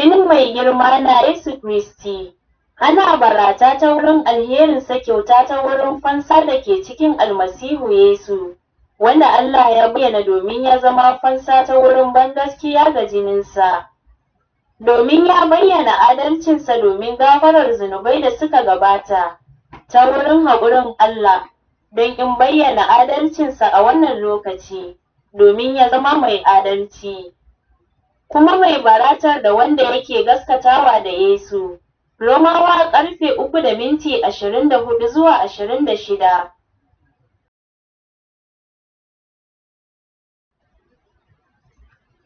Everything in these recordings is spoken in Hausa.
Filin mai girma na Yesu Kristi. Ana barata ta wurin alherinsa kyauta ta wurin fansa da ke cikin almasihu Yesu, wanda Allah ya bayyana domin ya zama fansa ta wurin bangaskiya ga jininsa. Domin ya bayyana adalcinsa domin gafarar zunubai da suka gabata, ta wurin haƙurin Allah, don in bayyana adalcinsa a wannan lokaci, domin ya zama mai adalci. kuma mai baratar da wanda yake gaskatawa da Yesu. Romawa ƙarfe uku da minti ashirin da hudu zuwa ashirin da shida.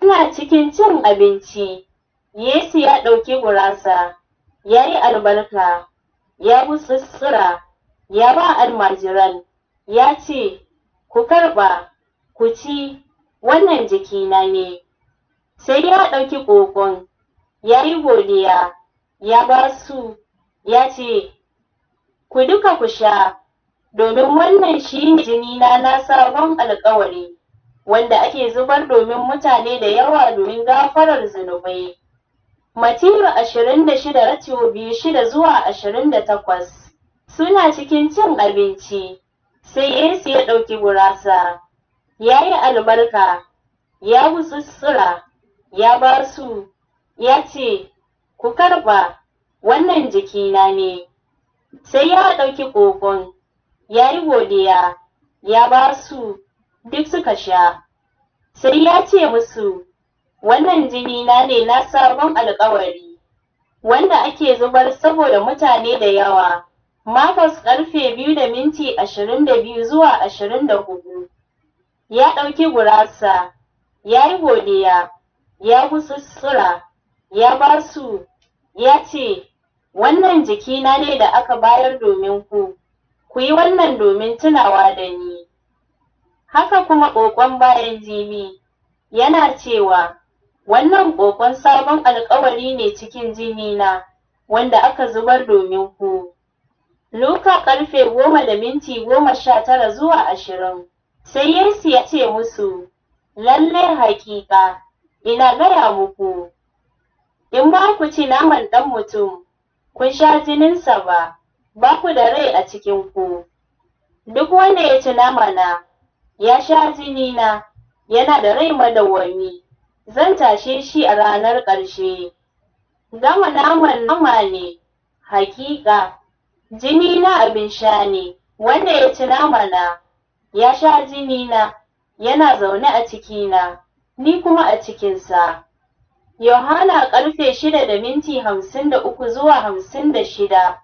Ina cikin cin abinci, Yesu ya ɗauki gurasa, ya yi albarka, ya butsitsira, ya ba almajiran, ya ce, Ku karɓa, ku ci, wannan jikina ne. sai ya ɗauki ƙoƙon ya yi godiya ya ba su ya ce ku duka ku sha domin wannan shi ne jinina na sabon alkawari wanda ake zubar domin mutane da yawa domin gafarar zunubai Matiru ashirin da shida ratio biyu shida zuwa ashirin da takwas suna cikin cin abinci sai Yesu ya ɗauki gurasa ya yi albarka ya wutsutsura ya ba su ya ce ku karba wannan jikina ne sai ya ɗauki ƙoƙon ya yi godiya ya ba su duk suka sha sai ya ce musu wannan jini na ne na sabon alkawari wanda ake zubar saboda mutane da yawa makos karfe biyu da minti ashirin da biyu zuwa ashirin da hudu ya ɗauki gurasa ya yi godiya ya gutsuttsura ya ba su ya ce wannan jikina ne da aka bayar domin ku ku yi wannan domin tunawa da ni haka kuma ƙoƙon bayan jini yana cewa wannan ƙoƙon sabon alƙawari ne cikin jini na wanda aka zubar domin ku Luka karfe goma da minti goma sha tara zuwa ashirin sai Yesu ya ce musu lallai haƙiƙa ina gaya muku in ba ku ci naman ɗan mutum kun sha jininsa ba ba ku da rai a cikin ku duk wanda ya ci namana ya sha jinina yana da rai madawwami zan tashe shi a ranar ƙarshe gama naman nama ne hakika jini na abin sha ne wanda ya ci namana ya sha jinina yana zaune a cikina ni kuma a cikinsa. Yohana karfe shida da minti hamsin da uku zuwa hamsin da shida.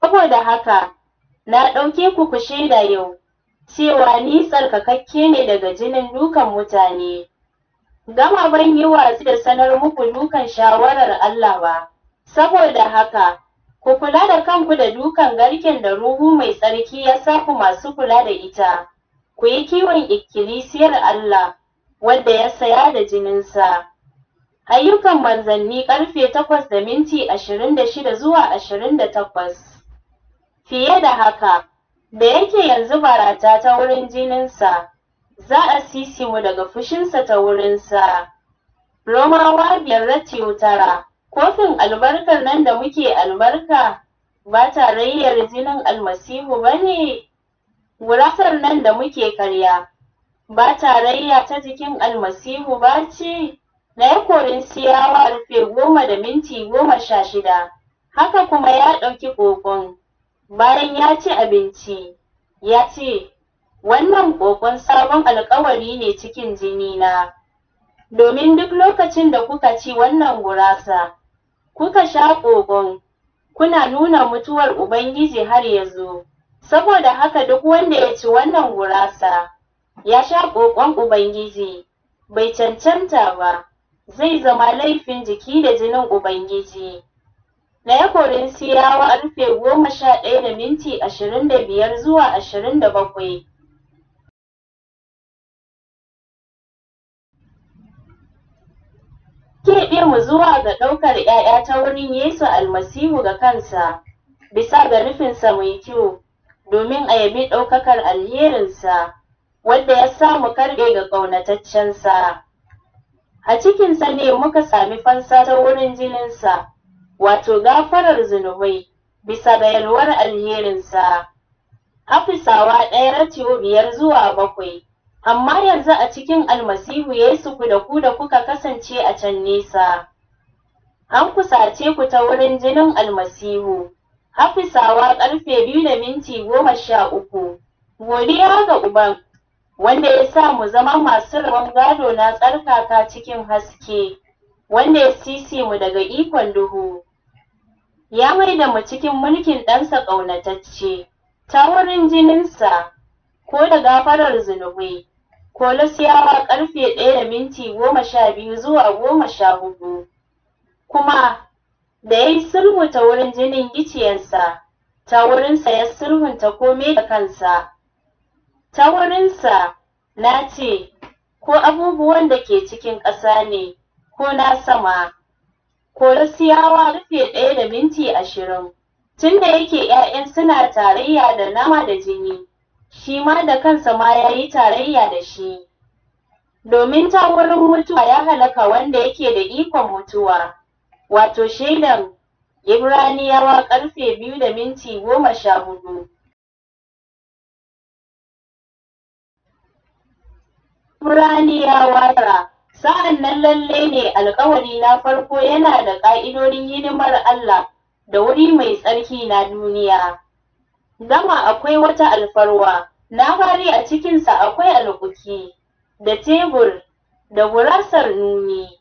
Saboda haka, na ɗauke ku ku shaida yau, cewa ni tsarkakakke ne daga jinin dukan mutane. Gama ban yi watsi da sanar muku dukan shawarar Allah ba, saboda haka, Ku kula da kanku da dukan garken da Ruhu mai tsarki ya sa ku masu kula da ita, ku yi kiwon ikkilisiyar Allah, wadda ya saya da jininsa. Ayyukan manzanni ƙarfe takwas da minti ashirin da shida zuwa ashirin da takwas. Fiye da haka, da yake yanzu barata ta wurin jininsa, za a sisi mu daga fushinsa ta wurinsa. Romawa biyar tara. Kofin albarkar nan da muke albarka ba tarayyar jinin almasihu ba ne, gurasar nan da muke karya ba tarayya ta jikin almasihu ba ce, na korin siyawa rufe goma da minti goma sha shida, haka kuma ya ɗauki ƙoƙon. Bayan ya ci abinci, ya ce, Wannan ƙoƙon sabon alkawari ne cikin jini na. domin duk lokacin da kuka ci wannan gurasa, kuka sha ƙoƙon kuna nuna mutuwar Ubangiji har ya zo, saboda haka duk wanda ya ci wannan gurasa ya sha ƙoƙon Ubangiji bai cancanta ba, zai zama laifin jiki da jinin Ubangiji. Na ya korin siyawa rufe goma sha ɗaya da minti ashirin da biyar zuwa ashirin da bakwai. ke mu zuwa ga ɗaukar ‘ya'ya ta wurin Yesu almasihu ga kansa, bisa ga nufinsa mai kyau, domin a yabi ɗaukakar alherinsa, wadda ya samu karɓe ga ƙaunataccensa. A cikinsa ne muka sami fansa ta wurin jininsa, wato gafarar zunubai, bisa ga yalwar alherinsa. Afisawa ɗaya ratio biyar zuwa bakwai. amma yanzu a cikin almasihu Yesu ku da ku da kuka kasance a can nesa. An kusace ku ta wurin jinin almasihu, hafisawa karfe biyu da minti goma sha uku. Godiya ga Uban, wanda ya sa mu zama masu rabon gado na tsarkaka cikin haske, wanda ya sisi mu daga ikon duhu. Ya maida mu cikin mulkin ɗansa ƙaunatacce, ta wurin jininsa. ko da gafarar zunubai Kolosiyawa karfe ɗaya da minti goma sha biyu zuwa goma sha hudu. Kuma, da ya yi ta wurin jinin gicciyensa, ta wurinsa ya sulhunta kome da kansa. Ta wurinsa, na ce, ko abubuwan da ke cikin ƙasa ne, ko na sama. Kolosiyawa rufe ɗaya da minti ashirin, tun da yake ‘ya'yan suna tarayya da nama da jini, shi ma da kansa ma ya yi tarayya da shi. Domin ta wurin mutuwa ya halaka wanda yake da ikon mutuwa, wato shaidan Ibraniyawa ƙarfe biyu da minti goma sha hudu. Ibraniyawa tara, sa'an nan lalle ne alkawari na farko yana da ƙa'idodin hidimar Allah da wuri mai tsarki na duniya. Gama akwai wata alfarwa, na fari a cikinsa akwai alkuki, da tebur, da gurasar nuni,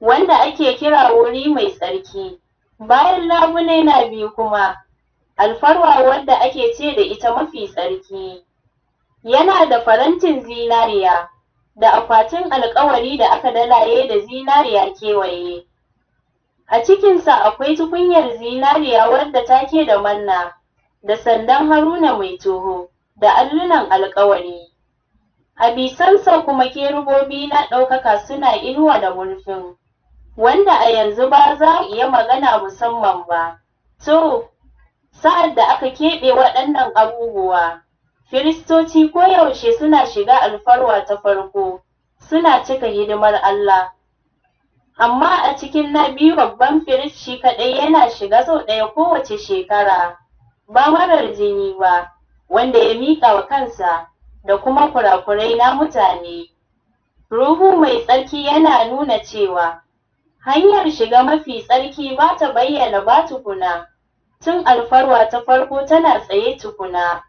wanda ake kira wuri mai tsarki. Bayan labule na biyu kuma, alfarwa wadda ake ce da ita mafi tsarki. Yana da farantin zinariya, da akwatin alkawari da aka dalaye da zinariya kewaye. A cikinsa akwai tukunyar zinariya wadda take da manna. da sandan Haruna mai toho da allunan alkawari. A bisansa kuma kerubobi na ɗaukaka suna inuwa da murfin, wanda a yanzu ba za a iya magana musamman ba. To, sa'ad da aka keɓe waɗannan abubuwa, Firistoci koyaushe suna shiga alfarwa ta farko, suna cika hidimar Allah. Amma a cikin na biyu babban firist shi kaɗai yana shiga sau ɗaya kowace shekara. ba marar jini ba wanda ya miƙa wa kansa da kuma kurakurai na mutane ruhu mai tsarki yana nuna cewa hanyar shiga mafi tsarki ba ta bayyana ba tukuna tun alfarwa ta farko tana tsaye tukuna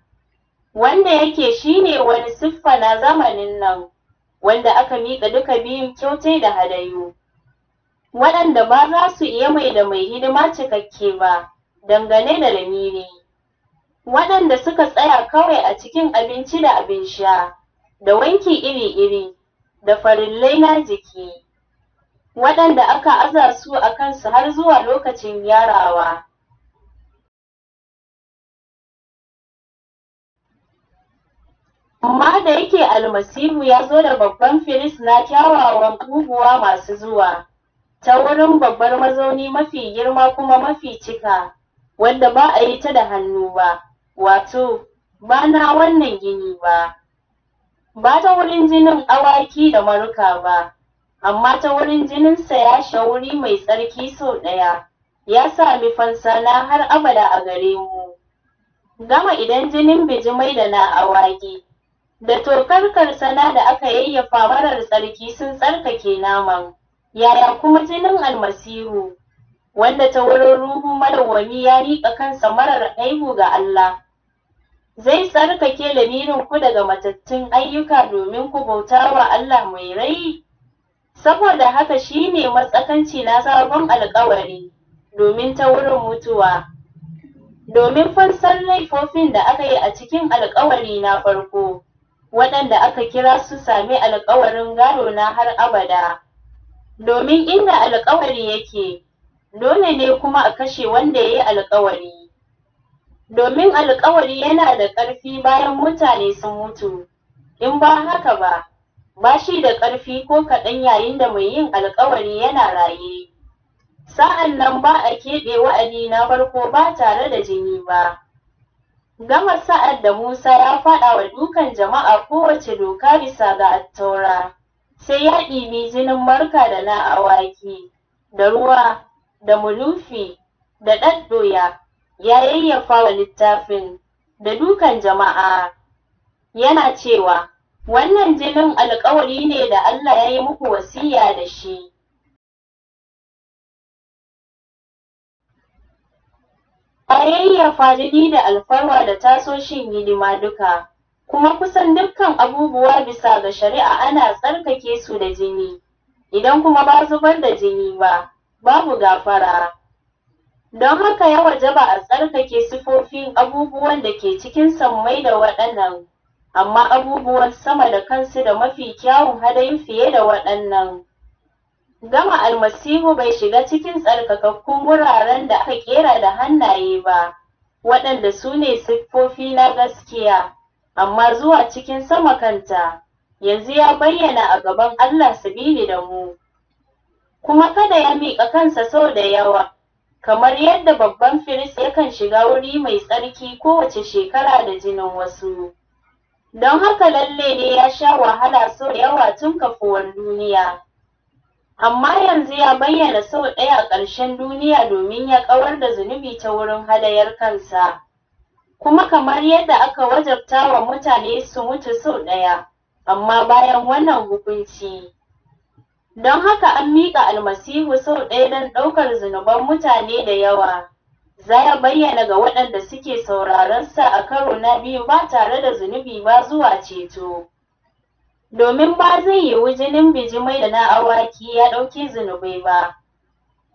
wanda yake shine wani siffa na zamanin nan wanda aka miƙa duka biyun kyautai da hadayu waɗanda ba za su iya mai da mai hidima cikakke ba dangane da lamiri waɗanda suka tsaya kawai a cikin abinci da abin sha, da wanki iri-iri, da farillai na jiki, waɗanda aka aza su a kansu har zuwa lokacin yarawa. Amma da yake almasihu ya zo da babban firis na kyawawan guguwa masu zuwa, ta wurin babbar mazauni mafi girma kuma mafi cika, wanda ba a yi ta da hannu ba. wato ba na wannan gini ba ba ta wurin jinin awaki da maruka ba amma ta wurin jininsa ya shauri mai tsarki sau ɗaya ya sami fansana har abada a gare mu gama idan jinin bijimai da na awaki da tokar karsana da aka yayyafa marar tsarki sun tsarkake naman yaya kuma jinin almasihu wanda ta wurin ruhu madawwami ya riƙa kansa marar aibu ga Allah zai tsarkake ku daga matattun ayyuka domin ku bauta wa Allah mai rai. Saboda haka shi ne matsakanci na sabon alkawari domin ta wurin mutuwa. Domin fansar laifofin da aka yi a cikin alkawari na farko, waɗanda aka kira su sami alkawarin gado na har abada. Domin inda alkawari yake, dole ne kuma a kashe wanda ya yi alkawari. domin alkawari yana da ƙarfi bayan mutane sun mutu in ba haka ba ba shi da ƙarfi ko kaɗan yayin da mai yin alkawari yana raye sa'an nan ba a keɓe wa'adi na farko ba tare da jini ba gama sa'ad da musa ya faɗa wa dukan jama'a kowace doka bisa ga attaura sai ya ɗibi jinin marka da na awaki da ruwa da mulufi da ɗaɗɗoya ya wa littafin da dukan jama'a yana cewa wannan jinin alkawari ne da Allah ya yi muku wasiya da shi a yayyafa jini da alfarwa da tasoshin hidima duka kuma kusan dukkan abubuwa bisa ga shari'a ana tsarkake su da jini idan kuma ba zubar da jini ba babu gafara Don haka ya wajaba a tsarkake sifofin abubuwan da ke cikin sammai da waɗannan, amma abubuwan sama da kansu da mafi kyawun hadayin fiye da waɗannan. Gama almasihu bai shiga cikin tsarkakakkun wuraren da aka ƙera da hannaye ba, waɗanda su ne siffofi na gaskiya, amma zuwa cikin sama kanta, yanzu ya bayyana a gaban Allah sabili da mu. Kuma kada ya miƙa kansa sau da yawa. kamar yadda babban firist yakan shiga wuri mai tsarki kowace shekara da jinin wasu. Don haka lalle ne ya sha wahala so da yawa tun kafuwar duniya. Amma yanzu ya bayyana sau ɗaya a ƙarshen duniya domin ya ƙawar da zunubi ta wurin hadayar kansa. Kuma kamar yadda aka wajabta wa mutane su mutu sau ɗaya, amma bayan wannan hukunci. Don haka an miƙa almasihu sau ɗaya don ɗaukar zunuban mutane da yawa. Za ya bayyana ga waɗanda suke sauraronsa a karo na biyu ba tare da zunubi ba zuwa ceto. Domin ba zai yiwu jinin bijimai da na awaki ya ɗauki zunubai ba.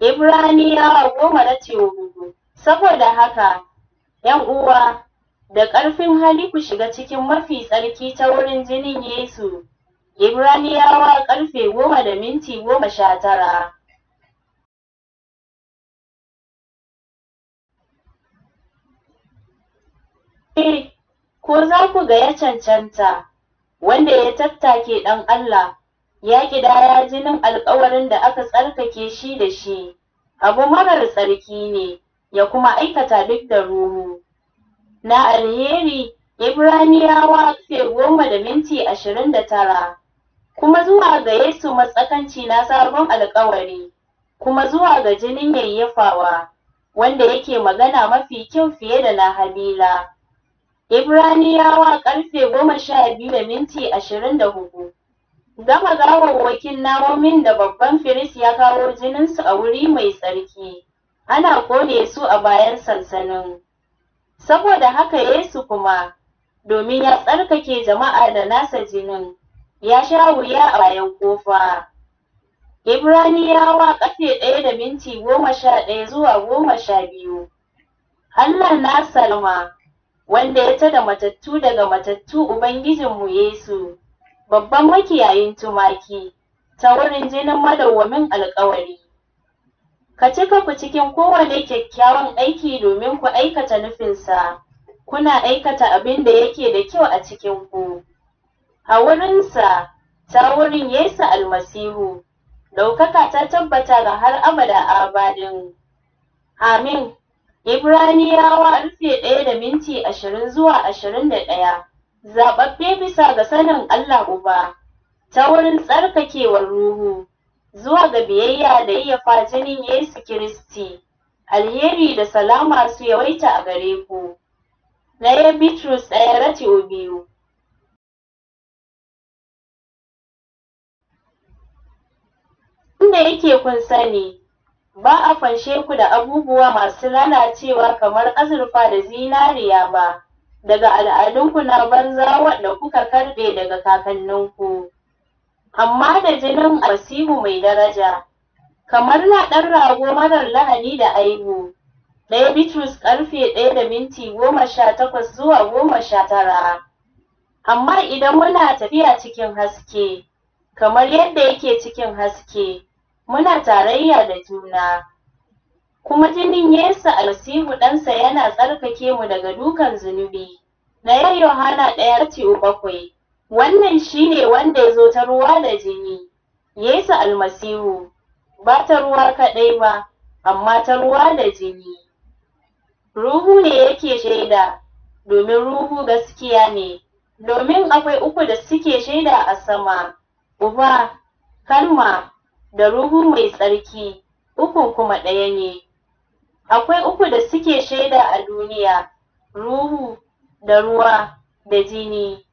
Ibraniyawa goma na tewu saboda haka, ‘yan uwa, da ƙarfin hali ku shiga cikin mafi tsarki ta wurin jinin Yesu. Ibraniyawa ƙarfe goma da minti goma sha tara. Eh, ko za ku ga ya cancanta, wanda ya tattake ɗan Allah, ya ƙidaya jinin alƙawarin da aka tsarkake shi da shi, abu marar tsarki ne, ya kuma aikata duk da ruhu. Na alheri, Ibraniyawa ƙarfe goma da minti ashirin da tara. kuma zuwa ga Yesu matsakanci na sabon alkawari, kuma zuwa ga jinin yayyafawa, wanda yake magana mafi kyau fiye da na Habila. Ibraniyawa ƙarfe goma sha biyu da minti ashirin da hudu. Gama gawawwakin namomin da babban firis ya kawo jininsu a wuri mai tsarki, ana kone su a bayan sansanin. Saboda haka Yesu kuma, domin ya tsarkake jama'a da nasa jinin. ya sha wuya a bayan kofa. Ibraniyawa ƙafe ɗaya da minti goma sha ɗaya zuwa goma sha biyu. Allah na Salma, wanda ya tada matattu daga matattu Ubangijinmu Yesu, babban makiyayin tumaki, ta wurin jinin madawwamin alƙawari. Ka cika ku cikin kowane kyakkyawan aiki domin ku aikata nufinsa, kuna aikata abin da yake da kyau a cikin ku. A wurinsa, ta wurin Yesu Almasihu, ɗaukaka ta tabbata ga har abada abadin. Amin. Ibraniyawa rufe ɗaya da minti ashirin zuwa ashirin da ɗaya. Zaɓaɓɓe bisa ga sanin Allah Uba, ta wurin tsarkakewar Ruhu, zuwa ga biyayya da iya jinin Yesu Kiristi, alheri da salama su yawaita a gare ku. Ɗaya Bitrus ɗaya Ratio biyu. tunda yake kun sani ba a fanshe ku da abubuwa masu lalacewa kamar azurfa da zinariya ba daga al'adunku na banza wanda kuka karɓe daga kakanninku amma da jinin asihu mai daraja kamar na ɗan rago marar lahani da aibu ɗaya bitrus ƙarfe ɗaya da minti goma sha takwas zuwa goma sha tara amma idan muna tafiya cikin haske kamar yadda yake cikin haske muna tarayya da juna kuma jinin Yesu almasihu ɗansa yana tsarkake mu daga dukan zunubi na yan Yohana ɗaya ce bakwai wannan shine wanda ya zo ta ruwa da jini Yesu almasihu ba ta ruwa kaɗai ba amma ta ruwa da jini ruhu ne yake shaida domin ruhu gaskiya ne domin akwai uku da suke shaida a sama uba kalma da Ruhu Mai Tsarki, ukun kuma ɗaya ne. Akwai uku da suke shaida a duniya, Ruhu, da ruwa, da jini.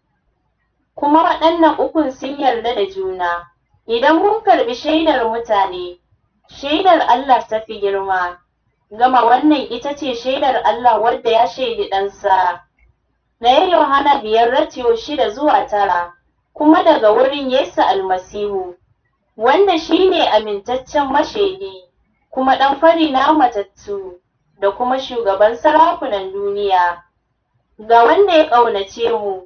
Kuma waɗannan ukun sun yarda da juna. Idan mun karɓi shaidar mutane, shaidar Allah ta fi girma. Gama wannan ita ce shaidar Allah wadda ya shaidi ɗansa. Na Yohana biyar ratiyo shida zuwa tara, kuma daga wurin Yesu almasihu. wanda shi ne amintaccen mashegi kuma ɗan fari na matattu da kuma shugaban sarakunan duniya ga wanda ya ƙaunace mu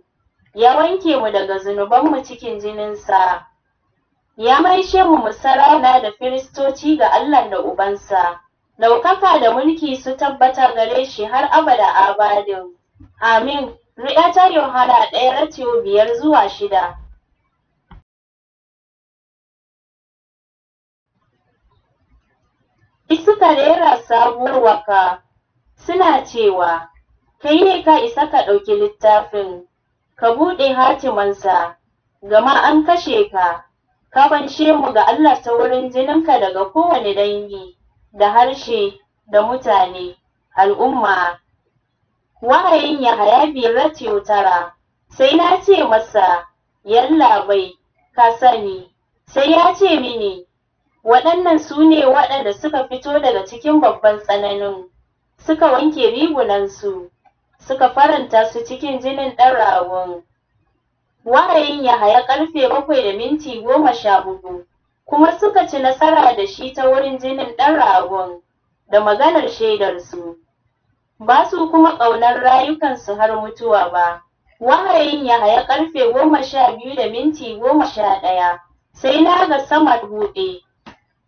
ya wanke mu daga zunubanmu cikin jininsa ya maishe mu musarana da firistoci ga Allah da Ubansa ɗaukaka da mulki su tabbata gare shi har abada abadin amin ri'ata yohana ɗaya ratio biyar zuwa shida suka rera sabuwar waka suna cewa kai ne ka isa ka ɗauki littafin ka buɗe hatimansa gama an kashe ka ka banshe mu ga Allah ta wurin jininka daga kowane dangi da harshe da mutane al'umma wahayin ya haya biyar tara sai na ce masa yalla bai ka sani sai ya ce mini Waɗannan su ne waɗanda suka fito daga cikin babban tsananin, suka wanke rigunansu, suka faranta su cikin jinin ɗan ragon. Wahayin Yahaya ƙarfe bakwai da minti goma sha hudu, kuma suka ci nasara da shi ta wurin jinin ɗan ragon da maganar shaidarsu. Ba su kuma ƙaunar rayukansu har mutuwa ba. Wahayin Yahaya ƙarfe goma sha biyu da minti goma sha ɗaya, sai na ga sama buɗe.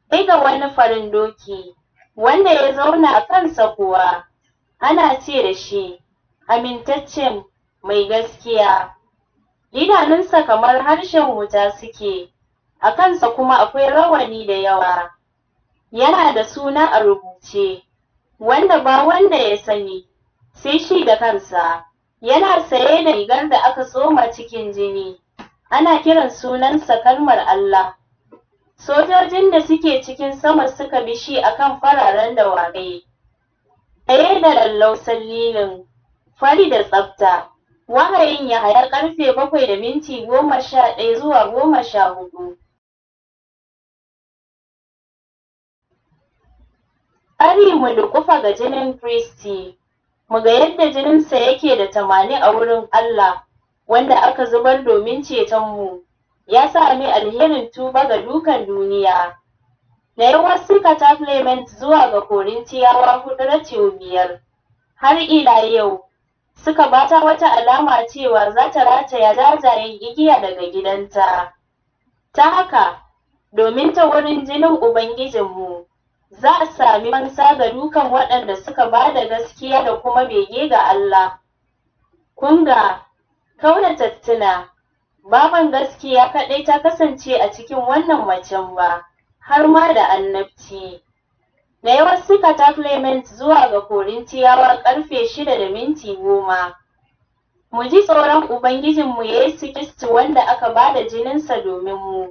Sai ga wani farin doki wanda ya zauna a kansa kuwa ana ce da shi amintaccen mai gaskiya idanunsa kamar harshen wuta suke a kansa kuma akwai rawani da yawa yana da suna a rubuce wanda ba wanda ya sani sai shi da kansa yana saye da rigar da aka soma cikin jini ana kiran sunansa kalmar Allah Sojojin da suke cikin sama suka bi shi akan fararen dawakai, tsaye da lallau lilin fari da tsafta. Wahayin ya hayar karfe bakwai da minti goma sha ɗaya zuwa goma sha hudu. Ari mu dukufa ga jinin Kristi, mu ga yadda jininsa yake da tamani a wurin Allah, wanda aka zubar domin cetonmu. ya sami alherin tuba ga dukan duniya. Na yi wasu Clement zuwa ga Korintiyawa hudu ratio biyar, har ila yau, suka bata wata alama cewa za ta rataya jajayen igiya daga gidanta. Ta haka, domin ta wurin jinin Ubangijinmu, za a sami mansa ga dukan waɗanda suka ba da gaskiya da kuma bege ga Allah. Kunga, Kauna tattuna. Baban gaskiya kaɗai ta kasance a cikin wannan macen ba, har ma da annabci. Da yawa suka ta Clement zuwa ga Korintiyawa ƙarfe shida da minti goma. Mu ji tsoron Ubangijinmu Yesu Kristi wanda aka ba da jininsa domin mu.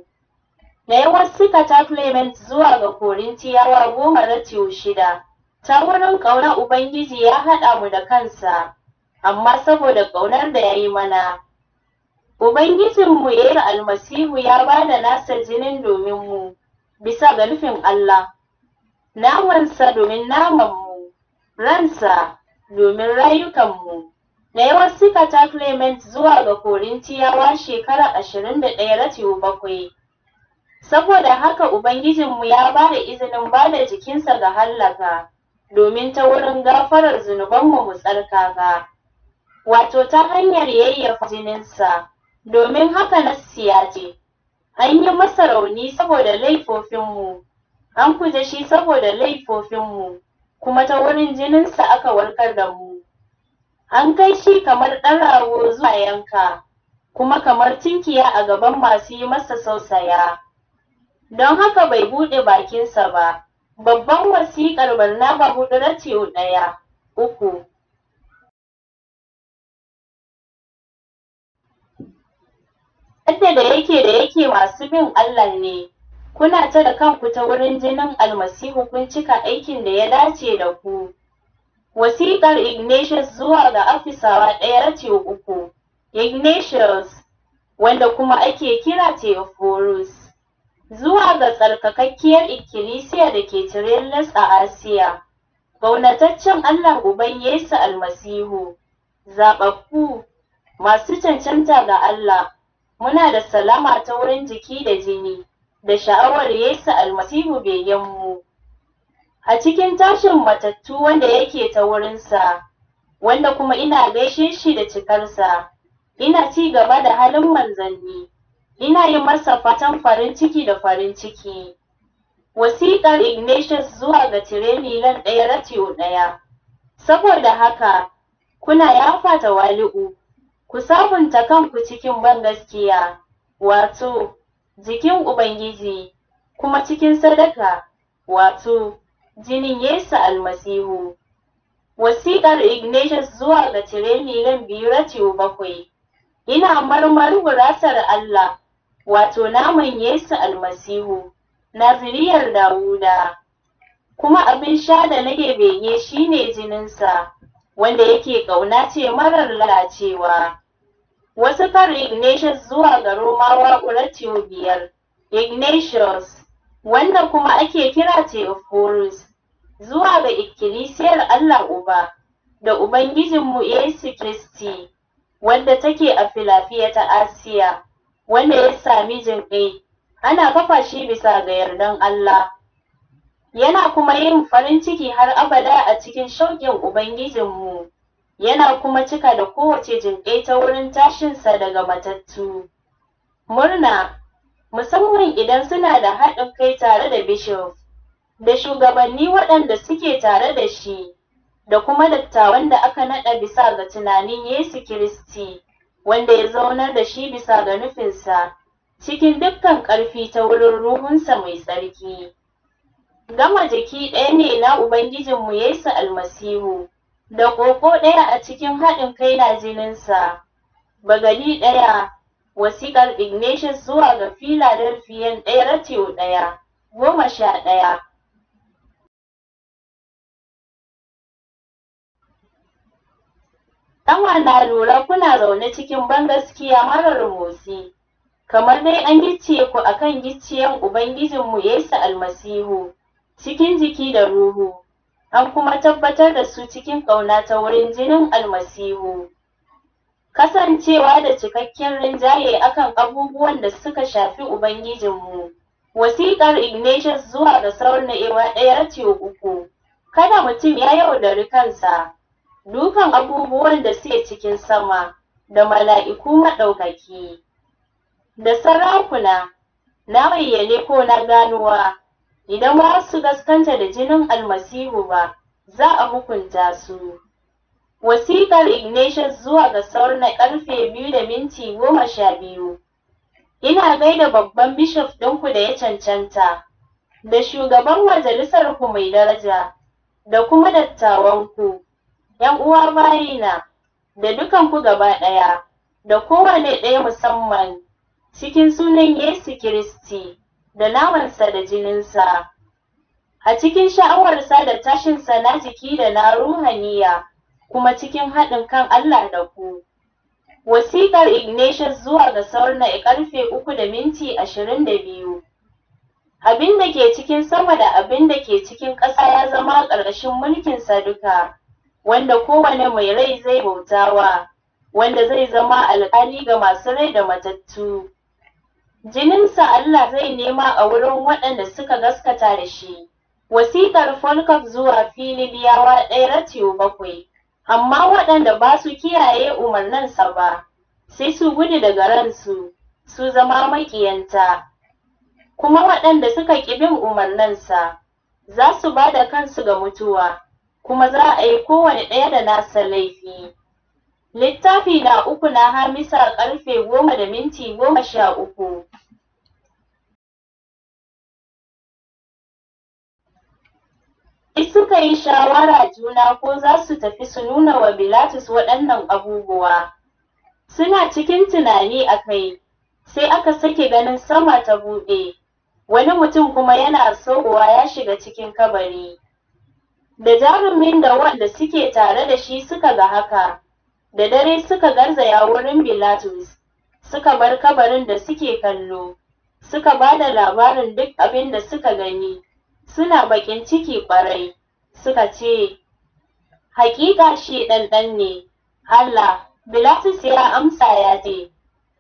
Da yawa suka ta Clement zuwa ga Korintiyawa goma ratiyo shida. Ta wurin ƙaunar Ubangiji ya haɗa mu da kansa, amma saboda ƙaunar da ya yi mana. Ubangijinmu Yesu Almasihu ya ba da nasa jinin domin mu, bisa ga nufin Allah, namansa domin namanmu, ransa domin rayukanmu. Na yawan wasika ta Clement zuwa ga Korintiyawa shekara ashirin da ɗaya ratio bakwai. Saboda haka Ubangijinmu ya ba da izinin ba da jikinsa ga hallaka, domin ta wurin gafarar zunubanmu mu tsarkaka, wato ta hanyar yayyafa jininsa. domin haka na siya ce, An yi masa rauni saboda laifofinmu, an kuje shi saboda laifofinmu, kuma ta wurin jininsa aka warkar da mu. An kai shi kamar ɗan zuwa yanka, kuma kamar tinkiya a gaban masu yi masa sausaya. Don haka bai buɗe bakinsa ba, babban wasiƙar Barnaba huɗu na ɗaya, uku. Sadda da yake da yake masu bin Allah ne, kuna ta da kanku ta wurin jinin almasihu kun cika aikin da ya dace da ku. Wasiƙar Ignatius zuwa ga afisawa ɗaya ce uku, Ignatius, wanda kuma ake kira "Teophorus" zuwa ga tsarkakakkiyar ikkilisiya da ke Tirellas a Asiya, gaunataccen Allah Uban Yesu Almasihu, zaɓaɓɓu, masu cancanta ga Allah. muna da salama ta wurin jiki da jini da sha'awar Yesu almasihu mu a cikin tashin matattu wanda yake ta wurinsa wanda kuma ina gaishe shi da cikarsa ina ci gaba da halin manzanni ina yi masa fatan farin ciki da farin ciki wasiƙar Ignatius zuwa ga Tiremilan ɗaya ratio ɗaya saboda haka kuna yafa tawali'u ku sabunta kanku cikin ban gaskiya wato jikin Ubangiji kuma cikin sadaka wato jinin Yesu almasihu. Wasiƙar Ignatius zuwa ga Tiremilan biyu ratiyo bakwai. Ina marmar gurasar Allah, wato naman Yesu almasihu, naziriyar Dawuda. Kuma abin sha da nake bege shine jininsa, wanda yake ƙauna ce marar lalacewa. Wasu karin Ignatius zuwa ga Romawa Horatio biyar, Ignatius, wanda kuma ake kira Theophorus, zuwa ga ikkilisiyar Allah Uba, da Ubangijinmu Yesu Kristi, wanda take a filafiya ta Asiya, wanda ya sami jinƙai, ana kafa shi bisa ga yardan Allah. yana kuma yin farin ciki har abada a cikin shauƙin Ubangijinmu, yana kuma cika da kowace jinƙai ta wurin tashinsa daga matattu. Murna, musamman idan suna da haɗin kai tare da Bishop, da shugabanni waɗanda suke tare da shi, da kuma dattawan da aka naɗa bisa ga tunanin Yesu Kiristi, wanda ya zaunar da shi bisa ga nufinsa, cikin dukkan ƙarfi ta wurin ruhunsa mai tsarki. gama jiki ɗaya ne na Ubangijinmu Yesu Almasihu, da koko ɗaya a cikin haɗin kai na jininsa, bagali ɗaya, wasiƙar Ignatius zuwa ga Filadelfiyan ɗaya ratiyo ɗaya, goma sha ɗaya. Ɗanwa na lura kuna zaune cikin bangaskiya gaskiya marar motsi, kamar dai an gicciye ku akan gicciyen Ubangijinmu Yesu Almasihu. cikin jiki da ruhu, an kuma tabbatar da su cikin ƙauna ta wurin jinin almasihu. Kasancewa da cikakken rinjaye akan abubuwan da suka shafi Ubangijinmu. Wasiƙar Ignatius zuwa ga sauran na'iwa ɗaya ce uku, kada mutum ya yaudari kansa, dukan abubuwan da suke cikin sama, da mala'iku maɗaukaki, da sarakuna, na bayyane ko na ganuwa. idan ba su gaskanta da jinin almasihu ba za a hukunta su Wasikar ignatius zuwa ga saur na karfe biyu da minti goma sha biyu ina gaida babban bishop ɗinku da ya cancanta da shugaban majalisar ku mai daraja da kuma dattawanku yan uwa bayina da dukanku gaba ɗaya da kowane ɗaya musamman cikin sunan yesu kiristi da namansa da jininsa a cikin sha'awarsa da tashin sa na jiki da na ruhaniya kuma cikin haɗin kan Allah da ku. Wasiƙar Ignatius zuwa ga sauna a ƙarfe uku da minti ashirin da biyu. Abin da ke cikin sama da abin da ke cikin ƙasa ya zama ƙarƙashin mulkin duka, wanda kowane mai rai zai bautawa, wanda zai zama alƙali ga masu rai da matattu. Jininsa Allah zai nema a wurin waɗanda suka gaskata da shi. Wasiƙar Folkof zuwa yawa ɗaya ratio bakwai, amma waɗanda ba su kiyaye umarninsa ba, sai su gudu daga ransu, su zama maƙiyanta. Kuma waɗanda suka ƙi bin umarninsa, za su ba da kansu ga mutuwa, kuma za a yi kowane ɗaya da nasa laifi. Littafi na uku na Hamisa ƙarfe goma da minti goma sha uku. suka yi shawara juna ko za su tafi su nuna wa Bilatus waɗannan abubuwa. Suna cikin tunani a kai, sai aka sake ganin sama ta buɗe, wani mutum kuma yana sokowa ya shiga cikin kabari. Da jarumin da wanda suke tare da shi suka ga haka, Da dare suka garzaya wurin Bilatus, suka bar kabarin da suke kallo, suka ba da labarin duk abin da suka gani, suna bakin ciki ƙwarai, suka ce, Hakika shi ɗanɗan ne, Allah, Bilatus ya amsa ya ce,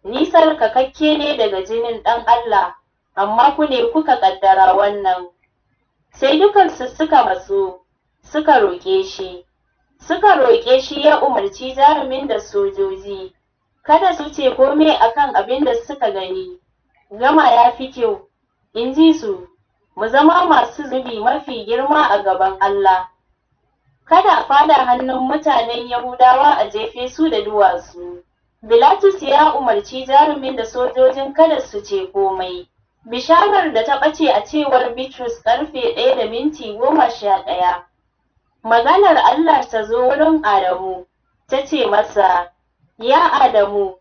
Ni sarkakakke ne daga jinin ɗan Allah, amma ku ne kuka ƙaddara wannan. Sai dukansu suka matsu, suka roƙe shi. suka roƙe shi ya umarci jarumin da sojoji kada su ce komai akan abin da suka gani gama ya fi kyau in ji su mu zama masu zubi mafi girma a gaban Allah kada fada hannun mutanen Yahudawa a jefe su da duwatsu Bilatus ya umarci jarumin da sojojin kada su ce komai bisharar da ta ɓace a cewar Bitrus ƙarfe ɗaya da minti goma sha ɗaya maganar Allah ta zo wurin Adamu ta ce masa, Ya Adamu,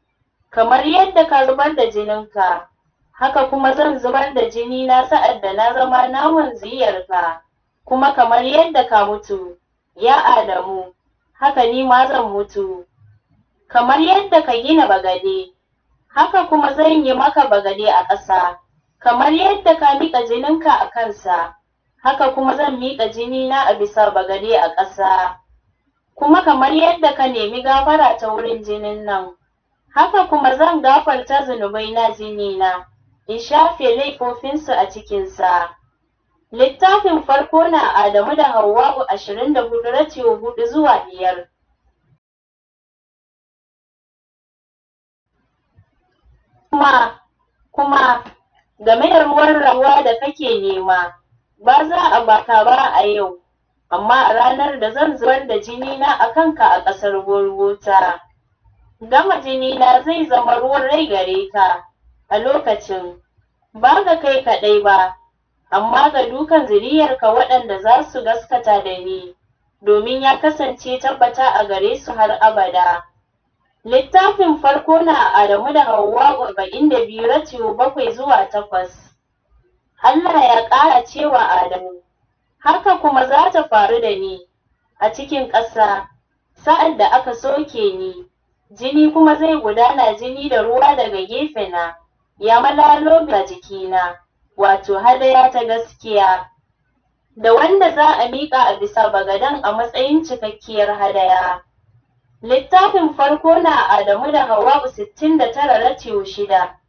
kamar yadda ka zubar da jininka, haka kuma zan zubar da jini na sa'ad da na zama namun ziyarka, kuma kamar yadda ka mutu, ya Adamu, haka ni ma zan mutu. Kamar yadda ka gina bagade, haka kuma zan yi maka bagade a ƙasa, kamar yadda ka miƙa jininka a kansa, haka kuma zan miƙa jini na a bisa bagade a ƙasa kuma kamar yadda ka nemi gafara ta wurin jinin nan haka kuma zan gafarta zunubai na jini na in shafe laifofinsu a cikinsa littafin farko na Adamu da Hawwa'u ashirin da hudu ratio hudu zuwa biyar kuma kuma game da ruwan rawa da kake nema ba za a baka ba a yau amma a ranar da zan zubar da jini na a kanka a ƙasar gurguta gama jini na zai zama ruwan rai gare ka a lokacin ba ga kai kaɗai ba amma ga dukan zuriyarka waɗanda za su gaskata da ni domin ya kasance tabbata a gare su har abada littafin farko na adamu da hawwa 42 ratio bakwai zuwa takwas Allah ya ƙara cewa Adamu, haka kuma za ta faru da ni a cikin ƙasa, sa'ad da aka soke ni, jini kuma zai gudana jini da ruwa daga na, ya malalo ga jikina, wato hadaya ta gaskiya. Da wanda za a miƙa a bisa bagadan a matsayin cikakkiyar hadaya. Littafin farko na Adamu da Hawwa’u sittin da tara shida.